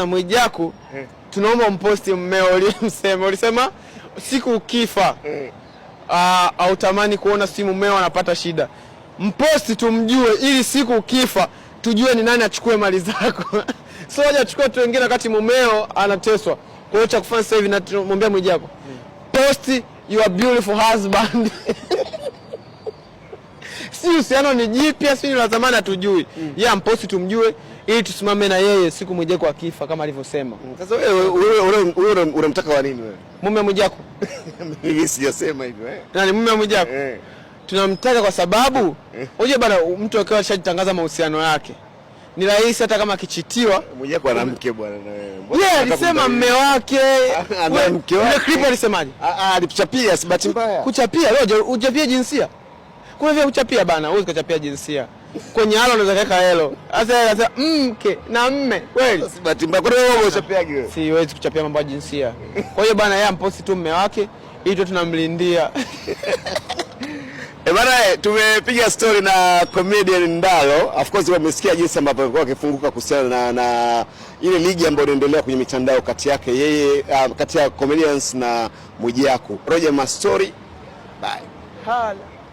Na Mwijaku eh, tunaomba mposti mmeo ulimsema, ulisema siku ukifa eh, ah, autamani kuona si mmeo anapata shida. Mposti tumjue, ili siku ukifa tujue ni nani achukue mali zako. So aje achukue wengine wakati mmeo anateswa. Kwa hiyo cha kufanya sasa hivi, namwambia Mwijaku, hmm. posti your beautiful husband si uhusiano ni jipya, si ni la zamani, hatujui mm. ya mposi tumjue ili tusimame na yeye siku Mwijaku akifa kama alivyosema. Mm, sasa wewe wewe unamtaka wa nini wewe? Mume wa Mwijaku? Mimi sijasema hivyo eh. Nani mume wa Mwijaku? Eh. Tunamtaka kwa sababu eh. unajua bana, mtu akiwa alishajitangaza mahusiano yake ni rahisi hata kama akichitiwa. Mwijaku ana mke bwana na wewe. Yeye alisema mme wake. Ana mke wake. Ile clip alisemaje? Ah, alichapia si bahati mbaya. Kuchapia, leo hujapia jinsia. Kuna vya kuchapia bana, huwezi kuchapia jinsia. Kwenye halo unaweza kaweka helo. Sasa yeye anasema mke na mme, kweli? Si bahati mbaya. Kwa nini wewe uchapiaje wewe? Siwezi kuchapia mambo ya jinsia. Kwa hiyo bana, yeye amposti tu mme wake ili tu tunamlindia. E bana, eh, tumepiga story na comedian Ndalo. Of course wamesikia jinsi ambavyo alikuwa akifunguka kuhusiana na, na ile ligi ambayo inaendelea kwenye mitandao kati yake yeye uh, kati ya comedians na Mwijaku. Roger Mastori. Bye. Hala.